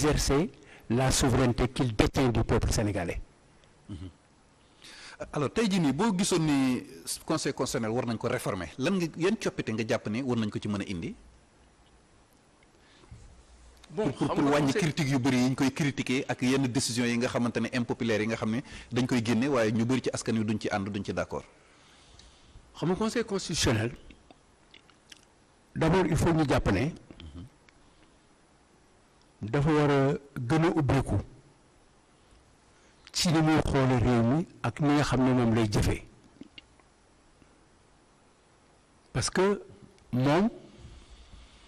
exercer la souveraineté qu'il détient du peuple sénégalais. Mhm. alors tey jii nii boo gisoon ni conseil constitutionnel war nañ ko réformer lan nga yan coppite nga jàpp ne war nañ ko ci mën a indi. bon pour pour wàññi critique yu bëri yi ñu koy critiquer ak yenn décisions yi nga xamante ne impopulaires yi nga xam ne dañ koy génne waaye ñu bëri ci askan wi duñ ci ànd duñ ci d'accord. xam nga conseil constitutionnel d'abord il faut ñu jàpp ne. dafa war a gën a ubbeeku ci ni muy xoole réew mi ak ni nga xam ne moom lay jëfee parce que moom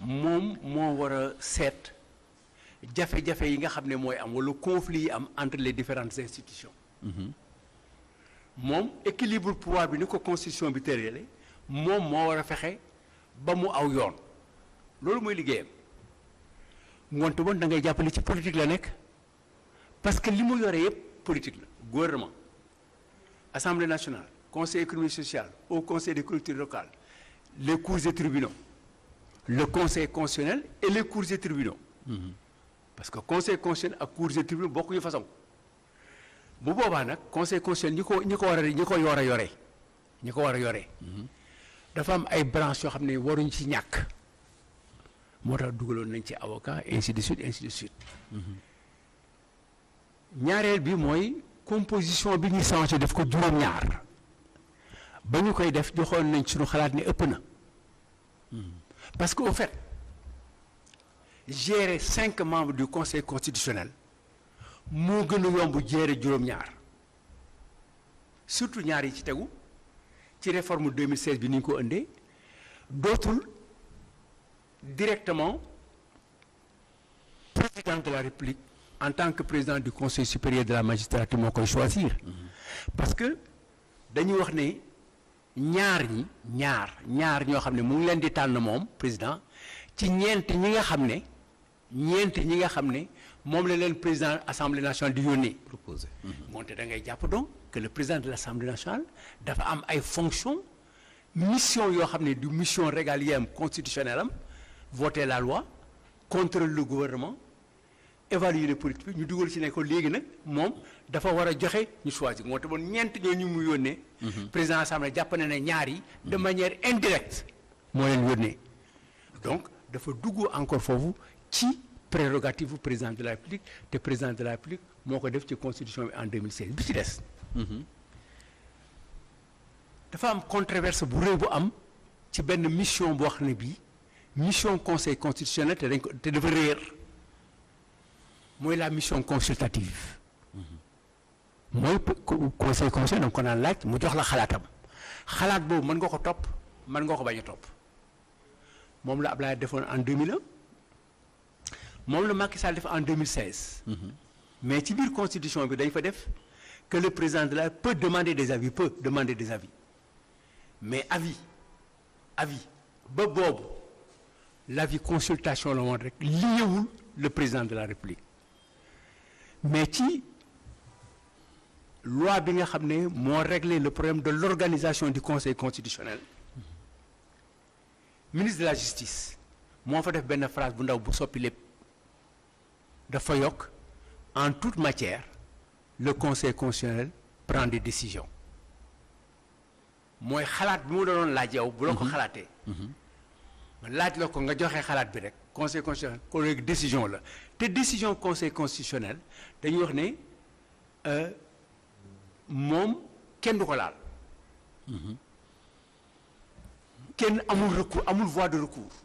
moom moo war a seet jafe-jafe yi nga xam ne mooy am walla conflit yi am entre les différentes institutions mhm. moom équilibre pouvoir bi ni ko constitution bi tërale moom moo war a fexe ba mu aw yoon loolu mooy liggéeyam ngoonte woon da ngay jàppale ci politique la nekk parce que li mu yore yëpp politique la gouvernement assemblée nationale conseil économique social au conseil des collectivités locales les cours et tribunaux le conseil constitutionnel et les cours et tribunaux mhm. parce que conseil constitutionnel ak cours et tribunaux bokkuñu façon bu boobaa nag conseil constitutionnel ñi ko ñi ko war a ñi ko yor a yore ñi ko war a yore mhm. dafa am ay branches yoo xam ne waruñ ci ñàkk moo tax dugaloon nañ ci avocat ainsi de suite ainsi de suite mhm. ñaareel bi mooy composition bi ñu changé def ko juróom-ñaar ba ñu koy def joxoon nañ suñu xalaat ni ëpp na mhm. parce que au cinq membres du conseil constitutionnel moo gën a yomb gérer juróom-ñaar surtout ñaar yi ci tegu ci réforme 2016 bi ni ñu ko indee dootul directement président de la en tant que président du conseil supérieur de la magistrature moo koy choisir mm-hmm. parce que dañu wax ne ñaar ñi ñaar ñaar ñoo xam ne mu ngi leen di tànn moom président ci ñeent ñi nga xam ne ñeent ñi nga xam ne moom la leen président assemblée nationale di yónnee proposé mm-hmm. moonte da ngay jàpp donc que le président de l' assemblée nationale dafa am ay fonctions mission yoo xam ne du mission régalienne constitutionnelle am voter la loi contrôler le gouvernement évaluer les politiques bi ñu dugal ci ne ko léegi nag moom dafa war a joxe ñu choisir moo tax bon ñeent ñoo ñu mu yónnee. Mhm. président assemblée jàpp na ne ñaar yi. de mhm. manière indirecte moo leen yónnee donc dafa duggoo encore foofu ci prérogative bu président de la République te président de la République moo ko def ci constitution bi en 2016 bi ci des. Mhm. dafa am controverse bu rëy bu am ci benn mission boo xam ne bii. mission conseil constitutionnel te dañ ko te dafa réer mooy la mission consultative mm-hmm. mooy conseil conseil da nga ko laaj mu jox la xalaatam xalaat boobu mën nga ko topp mën nga ko bañ a topp moom la ab Ablaye defoon en 2001 moom la Macky saa def en 2016. Mm-hmm. mais ci biir constitution bi dañ fa def que le président de la peut demander des avis peut demander des avis mais avis avis ba boobu. l'avis consultation la woon rek liéwul le président de la république mais ci loi bi nga xam ne moo régler le problème de l'organisation du conseil constitutionnel ministre de la justice moo fa def benn phrase bu ndaw bu soppi lépp dafa yokk en toute matière le conseil constitutionnel prend des décision mooy xalaat bi mu doon laa jaw bu la ko mhm. xalaatee mhm. laaj la ko nga joxee xalaat bi rek conseil constitutionnel collègue décision la te décision conseil constitutionnel dañuy wax ne euh, moom kenn du ko laal. Mhm. kenn amul recours amul voie de recours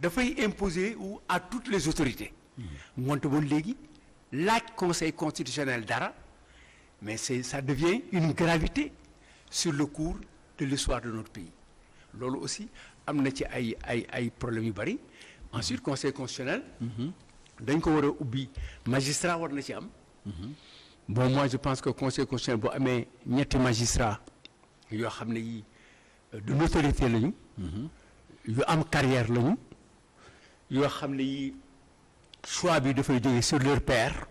dafay imposer ou à toutes les autorités. Mhm. wante woon léegi laaj conseil constitutionnel dara mais c'est ça devient une gravité sur le cours de l'histoire de notre pays loolu aussi. am na ci ay ay ay problèmes yu bëri mm-hmm. ensuite conseil constitutionnel mm-hmm. dañ ko war a ubbi magistrat war na ci am mm-hmm. bon moi je pense que conseil constitutionnel boo amee ñetti magistrat yoo xam ne yi euh, de notoriété lañu yu am carrière lañu yoo xam ne yi choix bi dafay jógee sur leur père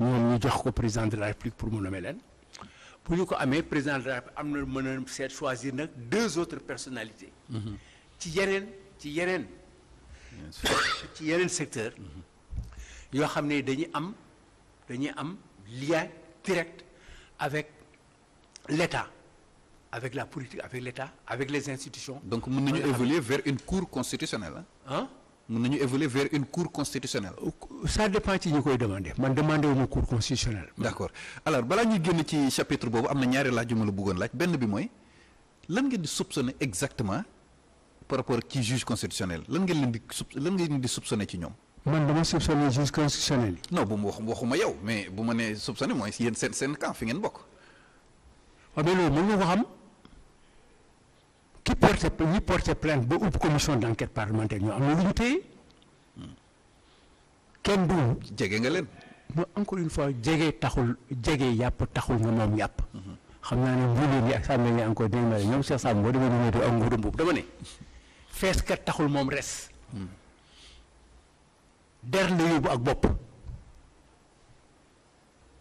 ñoom ñu jox ko président de la république pour mu leen pour ñu ko amee président de la am na lu mën a seet choisir nag deux autres personnalités mhm. ci yeneen ci yeneen ci yeneen secteur yoo xam ne dañuy am dañuy am lien direct avec l'État avec la politique avec l'État avec les institutions donc mën nañu évoluer vers une cour constitutionnelle ah mën nañu évoluer vers une cour constitutionnelle. ça dépend ci ñi koy demandé man demandé wu ma cour constitutionnelle. d' alors balaa ñuy génn ci chapitre boobu am na ñaari laaj yu la bëggoon laaj benn bi mooy lan ngeen di soupçonné exactement par rapport ci juge constitutionnel lan ngeen leen di sub lan ngeen di soupçonné ci ñoom. man dama soupçonné juge constitutionnel yi. non bu mu wax waxuma yow mais bu ma nee soupçonné mooy seen seen camp fi ngeen bokk. ki porté ñi porté plainte ba ubbi commission d' parlementaire ñoo am na lu ñu téye kenn du. jege nga leen. non encore une fois jege taxul jege yàpp taxul nga moom yàpp. xam naa ne mbuuleen yi ak sàmmeel yi encore dégg naa ne ñoom Cheikh Samb boo demee ñu am nguuram boobu dama ne fees taxul moom res. der la yóbbu ak bopp.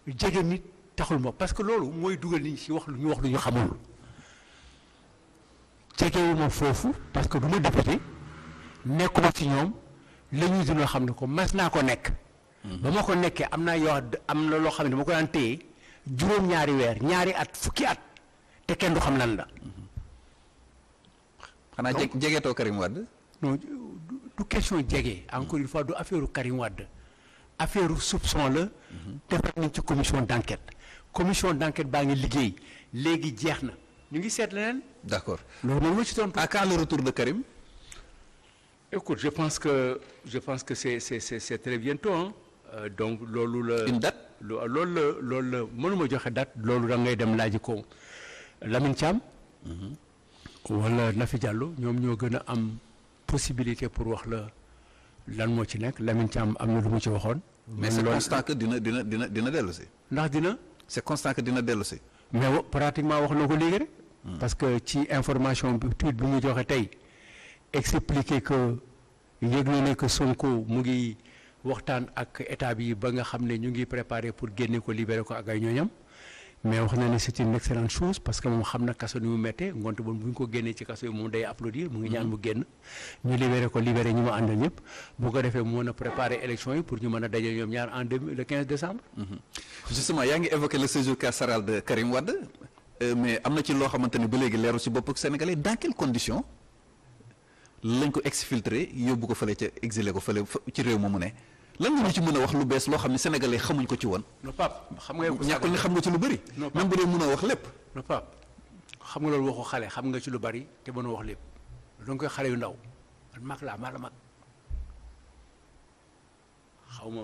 jege nit taxul moom parce que loolu mooy dugal nit ñi si wax lu ñu wax lu ñu xamul. jegewuma foofu parce que du ma député nekkuma ci ñoom la ñuy dina xam ne ko mas naa ko nekk. Mhm. ba ma ko nekkee am naa yoo na loo xam ne moo ko daan téye juróom-ñaari weer ñaari at fukki at te kenn du xam lan la. Mhm. xanaa jege jegeetoo Karim Wade. non du question jege encore une fois du affaire Karim Wade affaire soupçon la. Mhm. defar nañ ci commission d' enquête commission d' baa ngi liggéey léegi jeex na. ñu ngi seet leneen. d' accord loolu moom la ci tontu. à quand le retour de Karim. écoute je pense que je pense que c'est c'est c'est c'est très bientôt hein. Euh, donc loolu la. une date loolu la loolu la mënuma joxe dat loolu da ngay dem laaji ko Lamine Thiam. Mm-hmm. na fi Diallo ñoom ñoo gën a am possibilité pour wax la lan moo ci nekk Lamine Thiam am na lu mu ci waxoon. mais c'est constant que dina dina dina dellu si ndax dina. c'est constant que dina dellusi. mais pratiquement wax na ko léegi rek. parce que ci information bi tuuti bi mu joxee tey expliquer que yëg na ne que Sonko mu ngi waxtaan ak état bi ba nga xam ne ñu ngi préparer pour génne ko libérer ko ak ay ñooñam mais wax na ne c'est une excellente chose parce que moom xam na kaso ni mu méttee ngont bon bu ñu ko génnee ci kaso yi moom day applaudir mu ngi ñaan mu génn ñu libéré ko libéré ñu ma àndal ñëpp bu ko defee mu mën a préparer élection yi pour ñu mën a daje ñoom ñaar en deux le 15 décembre. justement yaa ngi évoqué le Euh, mais am na ci loo xamante ni ba léegi leeru si bopp ak sénégalais dans quelles conditions lañ ko exfiltre yóbbu ko fële ca exilé ko fële ci réew ma mu ne lan nga ñu ci mën a wax lu bees loo xam ne sénégalais xamuñ ko ci woon. non Pape xam nga ni xam nga ci lu bëri. même bu dee mënoo wax lépp. non Pape xam nga loolu waxu xale xam nga ci lu bari te mënoo wax lépp donc xale yu ndaw man mag laa maa la mag xaw ma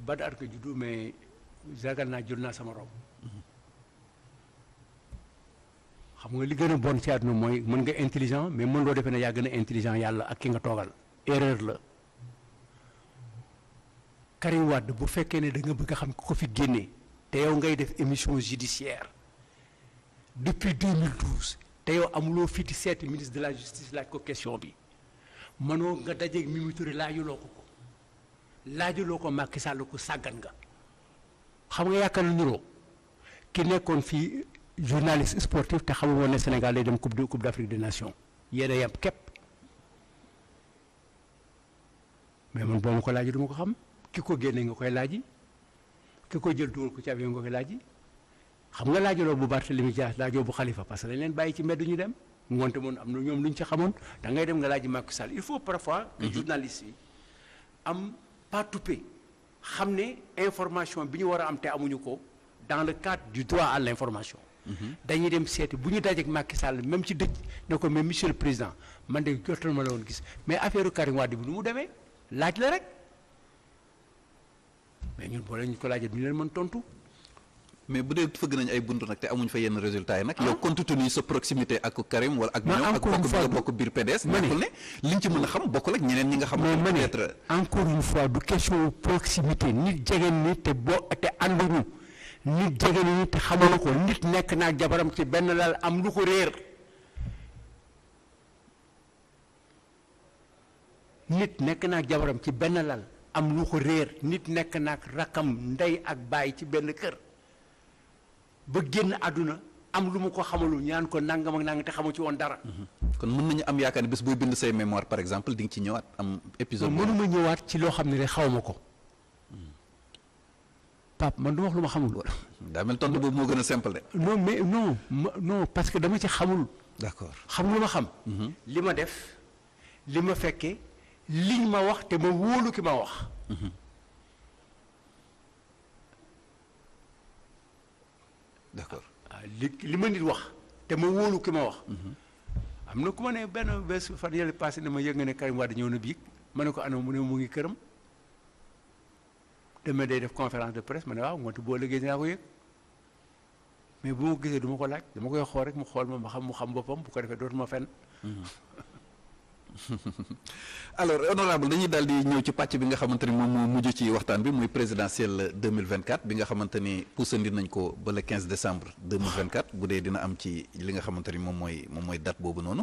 ban at nga juddu mais jagal naa jur naa sama rob xam nga li gën a bon ci àdduna mooy mën nga intelligent mais mën loo defee ne yaa gën a intelligent yàlla ak ki nga toogal erreur la Karim bu fekkee ne da nga bëgg a xam ku ko fi génne te yow ngay def émission judiciaire depuis 2012 te yow amuloo fiti seeti ministre de la justice laaj ko question bi mënoo nga dajeeg Mimi Touré laajuloo ko ko laajuloo ko Macky Sall ko sàggan nga xam nga yaakaar na ki nekkoon fii journaliste sportif te xamul woon ne Sénégal day dem coupe de coupe d' Afrique des Nations yéen a képp mais man boo ma ko laaj du ma ko xam ki ko génne nga koy laaji ki ko jël dugal ko ci avion nga koy laaji xam nga laaj laajaloo bu Barthélemy Dias laajoo bu xalifa parce que dañ leen bàyyi ci mbedd ñu dem ngoonte moom am na ñoom lu ñu ci xamoon da ngay dem nga laaj Macky Sall il faut parfois. que mhm. journaliste yi am pas toupé xam ne information bi ñu war a am te amuñu ko dans le cadre du droit à information. dañuy dem seeti bu ñu dajeek Macky Sall même ci dëj ne ko mais monsieur le président man de jotoon ma la woon gis mais affaire Karim Wade bi nu mu demee laaj la rek mais ñun boo leen ñu ko laajee du leen man tontu. mais bu dee fëgg nañ ay buntu nag te amuñ fa yenn résultat yi nag. Ah. yow compte tenu sa proximité ak Karim wala ak. ñoom ak bokk bi nga bokk biir PDS. ma ne liñ ci mën a xam bokk ak ñeneen ñi nga xam. mais encore une fois du question proximité nit jege nit te boo te ànduñu. nit jege nañu te xamuñu ko nit nekk naa jabaram ci benn lal am lu ko réer nit nekk naa jabaram ci benn lal am lu ko réer nit nekk naag rakkam ndey ak baay ci benn kër ba génn àdduna am lu mu ko xamalu ñaan ko nangam ak nangam te xamu ci woon dara. Mhm. kon mën nañu am yaakaar ne bés booy bind say mémoire par exemple di nga ci ñëwaat am épisode. mënuma ñëwaat ci loo xam ne rek xaw ma ko. Pape man du wax lu ma xamul. daa mel tontu boobu moo gën a simple de. non mais non non parce que dama ci xamul. d'accord xam lu ma xam. Mhm. li ma def li ma fekke liñ ma wax te ma wóolu ki ma wax. Mhm. d'accord ah, li li ma nit wax te ma wóolu ki ma wax. Mhm. am na ku ma ne benn bés fan yële passé na ma yëg nga ne Karim Wade ñëw na biig ma ne ko ana mu ne mu ngi këram. demain day def conférence de presse ma ne waaw ngoonte boo liggéey dinaa ko yëg mais bu ma ko gisee du ko laaj dama koy xool rek mu xool ma ma xam mu xam boppam bu ko defee dootuma fenn. alors honorable dañuy daal di ñëw ci pàcc bi nga xamante ni moom moo mujj ci waxtaan bi muy présidentielle 2024 bi nga xamante ni poussandi nañ ko ba le 15 décembre 2024 bu dee dina am ci li nga xamante ni moom mooy moom mooy dat boobu noonu.